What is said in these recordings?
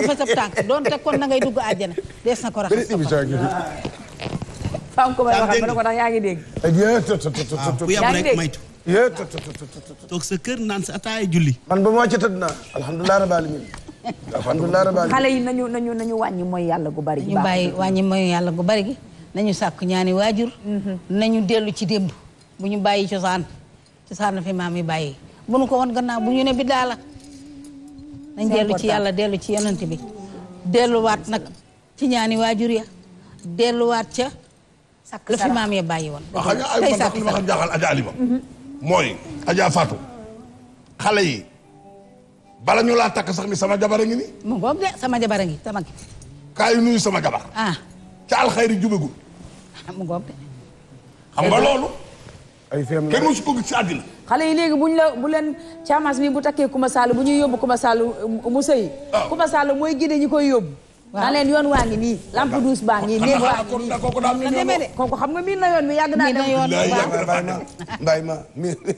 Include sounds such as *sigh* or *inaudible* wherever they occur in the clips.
ko fa sab tànk doonte kon na ngay dugg àjjana dees na ko raxas faam ko may waxal ma ne ko ndax yaa ngi dégg eh, bu yam rek maytu toog sa kër naan sa ataaya julli man ba moo ci tëdd naa alhamdulilah rabbil alamin alhamdulilah rabbil alamin xale yi nañu nañu nañu wàññi mooy yàlla gu bari ñu bàyyi wàññi mooy yàlla gu bari gi nañu sàkku ñaani waajur mhm. nañu dellu ci démb bu ñu bàyyi cosaan cosaan fi maam yi bàyyi bu ko woon gannaaw bu ne bi daala nañ dellu ci yàlla dellu ci yonent bi delluwaat nag ci ñaani waajur ya delluwaat ca la fi maam ya bàyyi woon waaw xam nga ma xam jaaxal aja alima mhm. mooy aja Fatou xale yi bala ñu laa takk sax ni sama jabar a ngi ni mu ngoog de sama jabar a gi kaay sama jabar ah. ca alxayri jubagul ah, nga loolu ay feem la kenn mosu xale yi léegi buñ la bu leen caamas mi bu takkee Kumba Sall bu ñuy yóbbu Kumba Sall mu sëyi. waaw ah. Kumba Sall mooy gide ñi koy yóbbu. waaw naa leen yoon waa ngi nii. lamp douce baa ngi néeg waa ngi kooku daal miin na kooku xam nga miin na yoon bi yàgg naa dem. ma ma miin *laughs*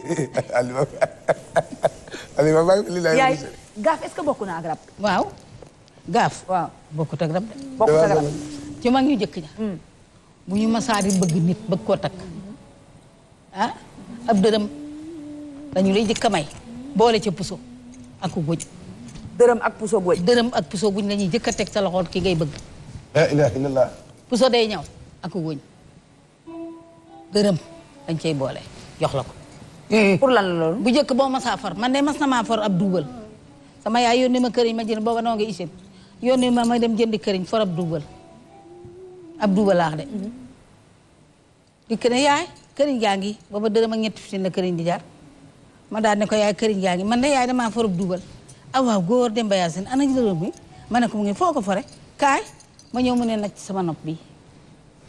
Aliou *laughs* yaay gaaf est-ce que bokk naa ak rab. waaw gaaf. waaw bokkut ak rab. ci mag ñu jëkk ña hmm. bu ñu masaari bëgg nit bëgg koo takk ah ab dërëm dañu lay jëkk a may boole ci puso ak guj. dërëm ak puso guj. dërëm ak puso guj la jëkk a teg sa loxoon ki ngay bëgg. puso day ñaw ak guj dërëm dañ cay boole jox la ko. Hmm. pour la loolu. bu njëkk boo masaa for man de mas na maa for ab duubal sama yaay yónnee ma këriñ ma jënd booba noo ngi isin yónnee dem jëndi këriñ for ab duubal ab duubal de. Hmm. dikk ne yaay. këriñ gaa ngi booba dërëm ak ñetti fitin la këriñ di jaar ma daal ne ko yaay këriñ gaa ngi man ne yaay damaa forub duubal ah waaw góor Demba Yacine ana dërëm bi ma ne ko mu ngi foo ko fore kaay ma ñëw mu ne nag sama nopp bi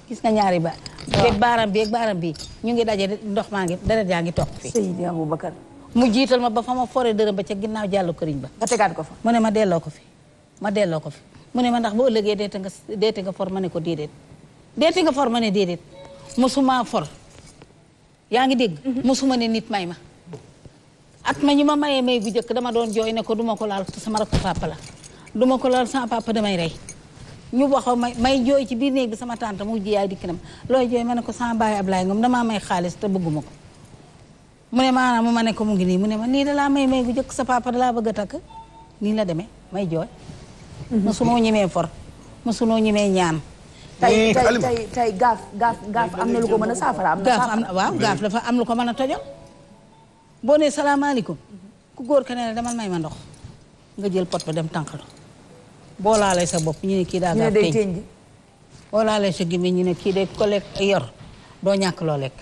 gis nga ñaari ba baaram bi baaram bi ñu ngi daje ndox maa ngi deret yaa ngi toog fi Seydi Aboubacar mu jiital ma ba fa ma fore dërëm ba ca ginnaaw jàllu këriñ ba nga tegaat ko fa mu ne ma delloo ko fi ma delloo ko fi mu ne ma ndax boo ëllëgee deete nga deete nga for ma ne ko déedéet deete nga for ma ne déedéet musuma for yaa ngi dégg. mosuma mhm. ne nit may ma. at ma ñu ma mayee may bu njëkk dama doon jooy ne ko duma ko laal sama rakk papa la duma ko laal sama papa damay rey. ñu waxoon may may jooy ci biir néeg bi sama tante mu jiyaay dikk na ma looy jooy ma ne ko sama baay Ablaye Ngom damaa may xaalis te ma ko. mu ne maanaam mu ma ne ko mu ngi nii mu ne ma nii da laa may may bu njëkk sa papa da laa bëgg a takk nii la demee may jooy. mosunoo mhm. ñemee for mosunoo ñemee ñaan. tey tey gaaf gaaf gaaf am na lu ko mën a saafara am na gaaf am waaw am lu ko mën a tojal boo nee salaamaaleykum ku góor ka ne la demal may ma ndox nga jël pot ba dem tànqalu boo laalee sa bopp ñu ne kii daa gaaf tey boo laalee sa gémmiñ ñu ne kii day ko lekk yor doo ñàkk loo lekk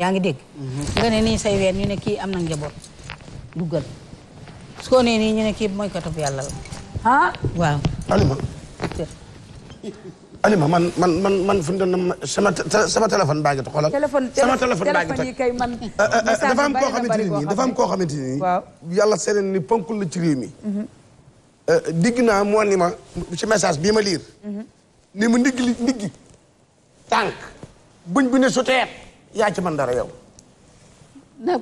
yaa ngi dégg mhm. nga ne nii say weer ñu ne kii am na njaboot duggal su ko nee nii ñu ne kii mooy ko topp yàlla la ah waaw Alima man man man man fu ñu doon sama sama téléphone baa ngi toj xoolal. téléphone téléphone yi kay man. Eh, eh, eh, dafa am koo xamante ni dafa koo xamante ni. waaw yàlla seede ni ponkul la ci réew mi. Mhm. naa moo ni ma ci message bii ma liir. Mhm. ni mu ndigg li ndigg. tànk buñ bu ne yaa ci man dara yow. da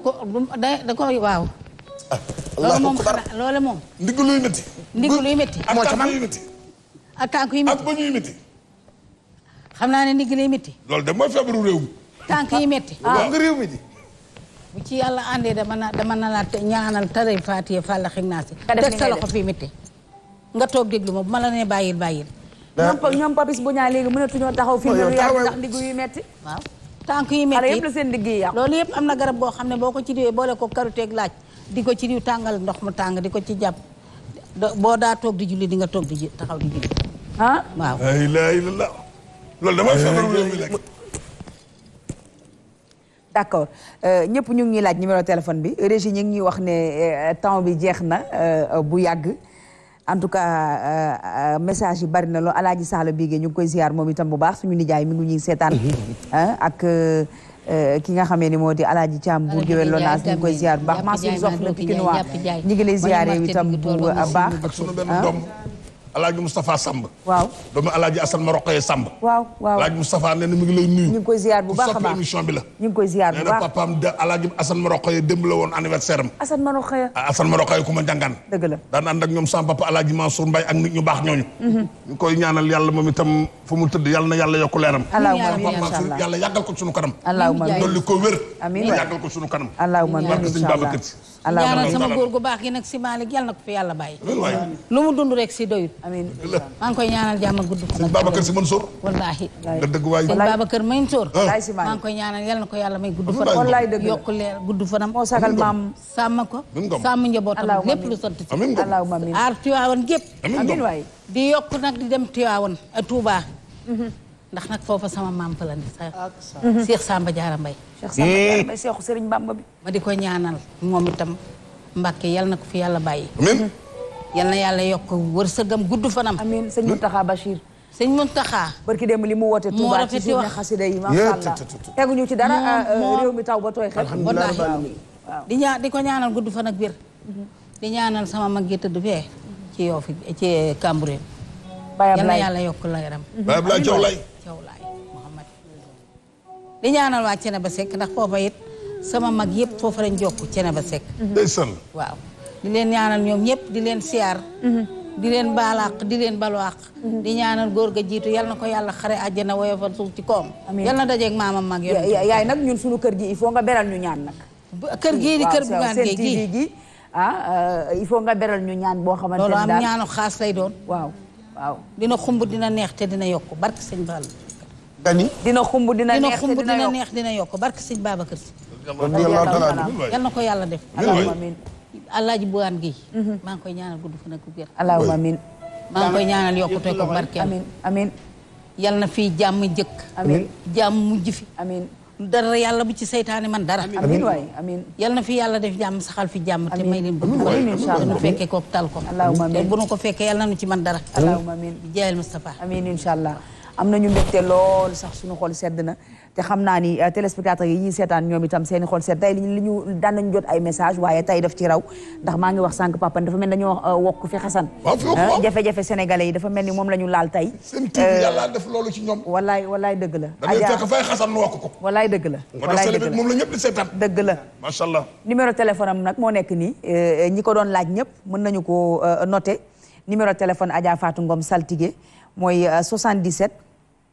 ko waaw. loolu moom xanaa luy métti. ndigg luy métti. moo ca man ak ak tànk yu métti. xam naa ne ndigg lay métti. loolu de mooy feebaru réew mi. tànk yi métti. Ah. waaw nga réew mi di. bu ci yàlla àndee dama na dama na la ñaanal tare Faatiha Fall xëy naa si. teg sa loxo fii métti. nga toog déglu ma bu ma la nee bàyyil bàyyil. ñoom ñoom papis bu ñaa léegi mënatuñoo taxaw fii oh, lu yàgg ndax yu métti. yi métti yëpp la seen loolu yépp am na garab boo xam ne boo ko ci diwee boole ko karuteeg laaj di ko ci diw tàngal ndox mu tàng di ko ci jàpp boo daa toog di julli di nga toog di taxaw di julli ah. loolu damay eh. feebaru réew mi lekk. Euh, ñëpp ñu ngi laaj numéro téléphone bi régie ñu ngi ñuy wax ne euh, temps bi jeex na euh, bu yàgg. en tout cas message yi bari na lool alaaji saala bigee ñu ngi koy ziar moom itam bu baax su suñu nijaay mi ngi ñuy seetaan mm-hmm. ak ki nga xamee ni moo di alaaji caam bu géwél lonaas ñu ngi koy ziar bu baax Mansour Sox la Pikinois ñu ngi lay ziar yow itam bu baax ak sunu benn doom alaaji Moustapha Samb. waaw doomu alaaji Assane ma roqee Samb. waaw waaw alaaji Moustapha nee na mi ngi lay nuyu. ñu ngi koy ziar bu baax a baax émission bi la. ñu ngi koy ziar bu baax nee na papaam de alaaji Assane ma roqee démb la woon anniversaire am. Assane ma roqee. Ah, Assane ma roqee ku ma jàngaan. dëgg la daan ànd ak ñoom sama papa alaaji Mansour Mbaye ak nit ñu baax ñooñu. Mhm. ñu koy ñaanal yàlla moom itam fu mu tëdd yàlla na yàlla yokku leeram. allahumma amiin incha allah yàlla yàggal ko sunu kanam. allahumma amiin dolli ko wér. amiin waay yàggal ko sunu kanam. allahumma amiin incha allah allah ñaanal sama góor gu baax gi nag si Malick yàlla na ko fi yàlla bàyyi. lu mu dund rek si doyut. amiin koy ñaanal jàmm gudd fan. sëñ Babacar si Mansour. wallaahi. nga dëgg waay sëñ Babacar Mansour. Ah. maa ngi koy ñaanal yàlla na ko yalla may gudd fan. wallaay dëgg yokk leer gudd fanam. moo ko maam sàmm ko. sàmm njabootam lépp lu sant. amiin ko allahumma amiin aar Tiwaawan gépp. amiin waay di yokk nag di dem Tiwaawan eh, Touba. Mhm. ndax nag foofa sama maam fa la ne sa ah, mm-hmm. Cheikh Samba Diarra Mbaye Cheikh Samba Diarra eh. Mbaye Cheikhu Serigne Bamba bi ma di ko ñaanal moom itam Mbàkke yal na ko fi yàlla bàyyi amiin mm-hmm. yal na yàlla yokk wërsëgam gudd fanam amiin sëñ Mountakha Bachir sëñ Mountakha barki dem li mu woote Touba ci suñu xasida yi masha Allah teguñu ci dara euh, réew mi taw ba tooy xel wallaahi di ñaa di ko ñaanal gudd fan ak wér mm-hmm. di ñaanal sama mag yi tëdd fee ci yow fi ci Cambérène yal na yàlla yokk la yaram Baye Ablaye Thiaw lay Thiaw laay di ñaanal waa Cene ba Seck ndax foofa it sama mag yëpp foofa lañ jokk Cene ba Seck. Mhm. ndeysaan waaw di leen ñaanal ñoom ñëpp di leen siyaar. Mhm. di leen baalaq di leen balwaq mhm. di ñaanal góor ga jiitu yal na ko yàlla xare àjjana woyofal suuf ci koom. yal na dajeeg maamam mag yoon. yaay nag ñun sunu kër gi il faut nga beral ñu ñaan nag. kër gii di kër Bougane ah, euh, il faut nga beral ñu ñaan boo xamante ne daal am ñaanu xaas lay doon waaw dina xumb dina neex te dina yokk barke sëñ Fall. gani dina xumb dina neex dina yokk dina yokk barke sëñ Babacar Si. yal na ko yàlla def. allahumma amiin alaaji buwaan gi. Mhm. maa ngi koy ñaanal gudd fan ak wér. allahumma amiin. maa ngi koy ñaanal yokkute ko barke. amiin yal na fi jàmm jëkk. amiin jàmm mujj fi. amiin. dara yàlla bu ci seytaane man dara. amiin waay amiin yal na fi yàlla def jàmm saxal fi jàmm. te may leen bëgg waay amiin fekkee ko tal ko. te bu nu ko fekkee yàlla na nu ci man dara. allahumma amiin jaayal Mustapha. amiin incha allah. am nañu mbégte lool sax suñu xol sedd na te xam naa ni euh, téléspectateurs yi ñuy seetaan ñoom itam seen i xol sedd tey li ñu daan nañu jot ay message waaye tey def ci raw ndax maa ngi wax sànq papa dafa mel dañoo euh, wokk fi xasan euh, jafe-jafe sénégalais yi dafa mel ni moom la ñu laal tey seen tur yàlla def loolu ci ñoom walaay walaay dëgg la dañuy fekk fay ko walaay dëgg la walaay dëgg la moom la ñëpp di seetaan dëgg la macha numéro téléphone am nag moo nekk nii ñi ko doon laaj ñëpp mën nañu ko noté numéro téléphone Adja Fatou Ngom Saltigué mooy 77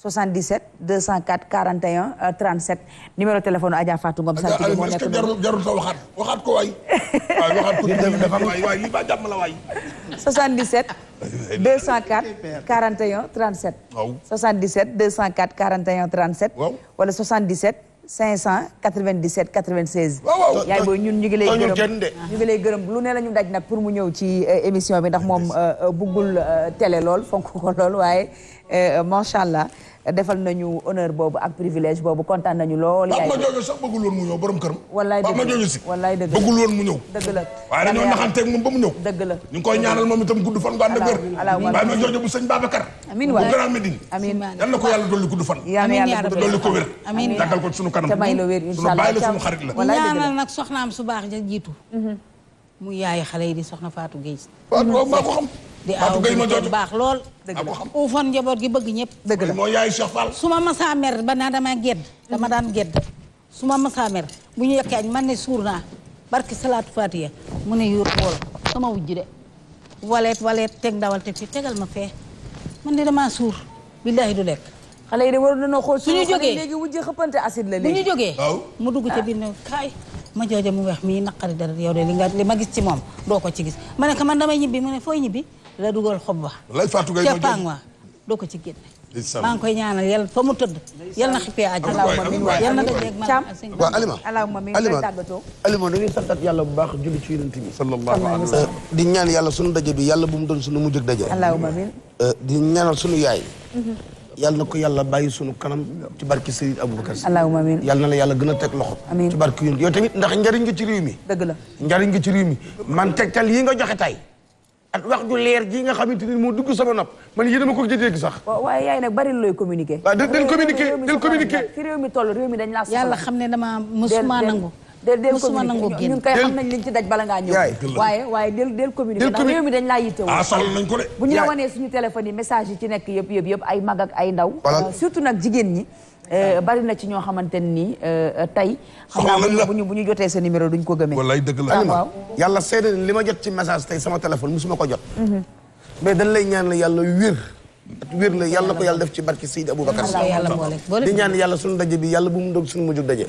77 204 41 37 euh, numéro téléphone Adja Fatou Ngom. sant yi moo nekk est-ce que jarul jarul sa waxaat waxaat ko waay. *laughs* waaw waxaat ko dafa am waay waay lii ba jàmm la waay. 77. 204 41 yaay booy ñun ñu ngi gërëm ñu ngi gërëm lu ne la ñu daj nag pour mu ñëw ci euh, émission bi ndax moom euh, buggul télé lool fonk ko lool waaye macha allah. defal nañu honneur boobu ak privilège boobu kontaan nañu lool. yaay ma jooju sax bëggul woon mu ñëw borom këram. wallaay dëgg la ma jooju si. wallaay dëgg la bëggul mu ñëw. dëgg la waaye dañoo naxanteeg moom ba mu ñëw. dëgg la ñu ngi koy ñaanal moom ma jooju na ko yàlla dolli gudd fan. amiin yàlla dolli ko wér. amiin dàggal ko sunu kanam. te may la wér incha allah sunu bàyyi la sunu xarit la. wallaay ñaanal nag soxnaam su baax ja jiitu. Mm-hmm. mu yaay xale yi di soxna Fatou Gueye. waaw ko xam di aw bu baax lool. dëgg la uufoon ah, njaboot gi bëgg ñëpp. dëgg la mooy yaay Cheikh Fall. su ma masaa mer ba naa dama gedd dama daan gedd su ma masaa mer bu ñu yekkee añ man ne suur naa barki salaatu fatiya mu ne yuur bool sama wujj de waleet waleet teg ndawal teg fi tegal ma fee man de damaa suur billaahi du lekk. xale yi de waroon nañoo xool suñu jógee léegi wujj xëppante acide la léegi bu ñu jógee mu dugg ca biir ne kaay ma jooja mu weex mii naqari dara yow de li ma gis ci moom doo ko ci gis ma ne ko man damay ñibbi mu ne fooy ñibbi la dugal xob ba. lay Fatou Gueye ma doo ko ci génne. maa ngi koy ñaanal yàlla fa mu tëdd. yal na xippee àjjana yal na dajeeg maanaam asing. waaw Alima Alima Alima dañuy santat yàlla bu baax julli ci yonent bi. sallallahu alayhi wa sallam euh, di ñaan yàlla sunu daje bi yàlla bu mu doon sunu mujj daje. allahumma amiin. Euh, di ñaanal sunu yaay. Mhm. yàlla na ko yàlla bàyyi sunu kanam ci barki Serigne Aboubacar Si. allahumma amiin yàlla na la yàlla gën a teg loxo. amiin ci barki yow tamit ndax njariñ nga ci réew mi. dëgg la njariñ nga ci réew mi man tegtal yi nga joxe tay ak wax ju leer ji nga xamante ni moo dugg sama nopp man yéen a ma ko jëjëg sax. waaye yaay nag bari looy communiquer. waaw dañ communiquer dañ mi toll réew mi dañ laa. yàlla xam ne dama mësuma nangu. del del communiqué ñun kay xam nañ liñ ci daj bala ngaa ñëw waaye waaye del del communiqué ndax réew mi dañ laa yitte woon euh, surtout nag jigéen ñi euh, bari na ci ñoo xamante ni euh, tey xam naa bu ñu bu ñu jotee sa numéro duñ ko gëmee wallaay dëgg ah, waaw yàlla seede li ma jot ci message tey sama téléphone musuma ko jot mhm. mais dañ ñaan la yàlla wér ak wér la yàlla ko yàlla def ci barke Seydi Aboubacar di ñaan yàlla suñu daje bi yàlla bu mu doog suñu mujjug daje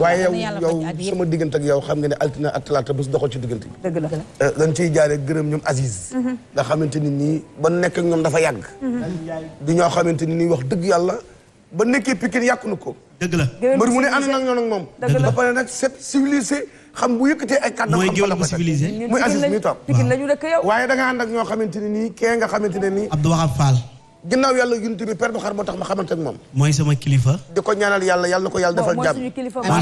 waaye yow yow sama diggante ak yow xam nga ne altina ak talaata bés doxal ci diggante bi dëgg la eh, dañ ciy jaare gërëm ñoom Aziz mm-hmm. nga xamante ni nii ba nekk ak ñoom dafa yàgg mm-hmm. ni wax dëgg yàlla ba na ko dëgg la mbër mu ne ànd nag ñoo nag moom ba pare nag set civilisé xam bu yëkkatee ay kàddu xam ba la ko civilisé muy Aziz mi toog waaye ni nii kee nga xamante ne nii Abdou ginnaaw yàlla yunti bi père bu xar moo tax ma xamante ak moom mooy sama kilifa di ko ñaanal yàlla yàlla ko yàlla defal jàmm mooy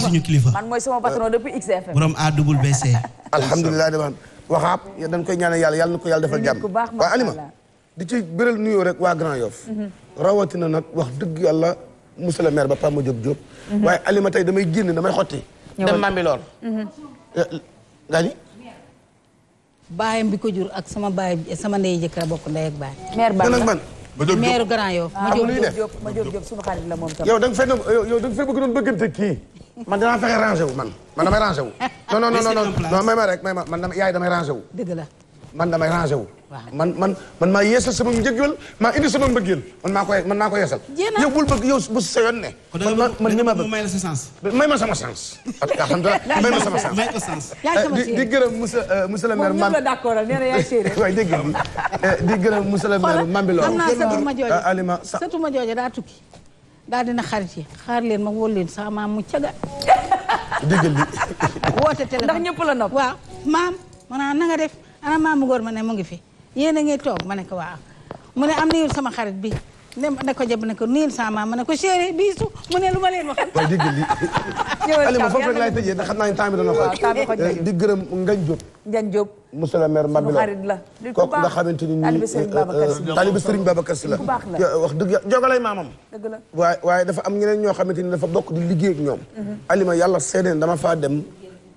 a kilifa man mooy sama patron depuis XFM borom AWBC *laughs* alhamdulilah daman waxaab dañ koy ñaanal yàlla yàlla na ko yàlla defal jàmm waaye alima di ci bëral nuyoo rek waa Grand Yoff mhm. rawatina nag wax dëgg yàlla monsieur le maire ba Pam Diop Diop mhm. waaye alima tey damay génn damay xotti dem maam bi lool gaa mhm. eh, ñi baayam bi ko jur ak sama baay sama ndey jëkkër bokk ndey ak baay maire ba man ma jóg maire Grand Yoff. ma jóg ma jóg jóg la moom tam. yow da nga fee yow bëgg doon bëggante kii man wu man man damay rangé wu. *laughs* non non non non ma rek may ma wu. dëgg la man damay rangé wu. man man man maa yeesal sama njëggal maa indi sama mbëggeel man maa koy man maa ko yeesal. yow bul bëgg yow bu sa yoon ne. man man ni ma bëgg may la sa sens. ma sama sens. *laughs* ma sama sens. may ko sens. *laughs* Eh, di di gërëm monsieur euh, monsieur le maire. moom ñëpp na yaa séeréer. waaw naa eh, sëtu ma jooja ah, daa tukki. daal dina xarit yi leen ma wóor leen sama maam mu caga. dégg li *laughs* woote téléphone ndax ñëpp la nopp. waaw maam ma naan na nga def ana maam mu góor ma ne mu ngi fi yéen a ngi toog ma ne ko waaw mu ne am nuyul sama xarit bi ne ko jëb ne ko nuyul sama ma ne ko chéri biisu mu ne lu ma leen wax. waaw dégg li *laughs* Alima foofu rek laay tëjee ndax xam naa ne temps bi dana xool eh, di gërëm Ngagne Diop. Ngagne Diop monsieur ma maire Mbabi la xarit la nga xamante ni nii taalibe eh, eh, Serigne Babacar Sy la wax dëgg jogalay maamam waaye waaye dafa am ñeneen ñoo xamante ni dafa bokk di liggéey ak mm-hmm. Alima yàlla seedeen dama faa dem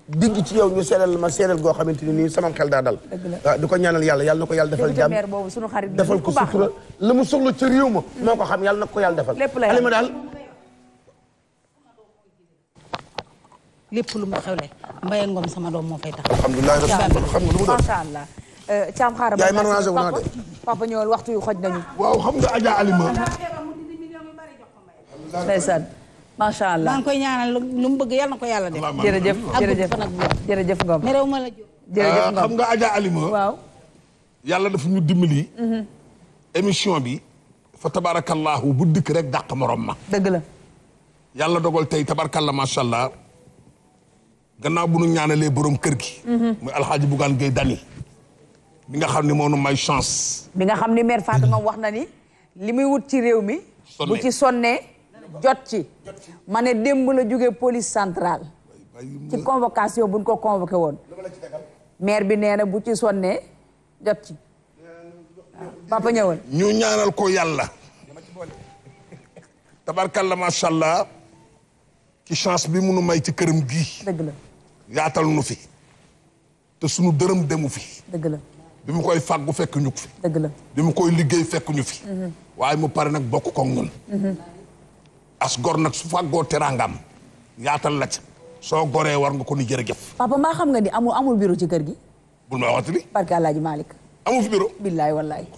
digg ci yow ñu la ma seedal goo xamante ni nii sama xel daa di ko ñaanal yàlla yàlla na ko yàlla defal jàmm defal ko sutura la mu soxla ci réew ma mm. ko xam yàlla na ko yàlla defal alima daal lépp lu mu xewle mbaye ngom sama doom moo fay tax alhamdulilah rabil xam nga lu mu euh, papa ñëwal waxtu yu xoj nañu waaw xam nga Adja Alima ndeysaan macha allah maa ngi koy ñaanal lu mu bëgg yal na ko yàlla def. jërëjëf jërëjëf jërëjëf Ngom. merew ma la jóg euh, xam nga Adja Alima. waaw. yàlla dafa ñu dimbali. Mhm. émission bi. fa tabarakallahu bu dikk rek dàq moroom ma. dëgg la. yàlla dogal tey tabarkalla macha allah. gannaaw bu nu ñaanalee boroom kër gi. Mhm. muy alxaaji Bougane Gueye Dany. bi nga xam ne moo nu may chance. bi nga xam ne mère Fatou Ngom wax na ni. li muy wut ci réew mi. bu ci sonnee. jot ci ma ne démb la jóge police centrale ci convocation buñ ko convoqué woon maire bi nee na bu ci sonnee jot ci papa ñëwal ñu ñaanal ko yàlla tabarkalla macha allah ki chance bi munu may ci këram gii dëgg la yaatal nu fi te sunu dërëm demu fi dëgg la bi mu koy fàggu fekk ñu fi dëgg bi mu koy liggéey fekk ñu fi mhm. waaye mu pare nag bokk ko ñun mhm. as gor nag su fàggoo teraangam yaatal la ca soo goree war nga ko ni jërëjëf. papa maa xam nga ni amul amul bureau ci kër gi. bul ma waxati li. barke Alaaji Malick. amul fi bureau. billaay wallaay.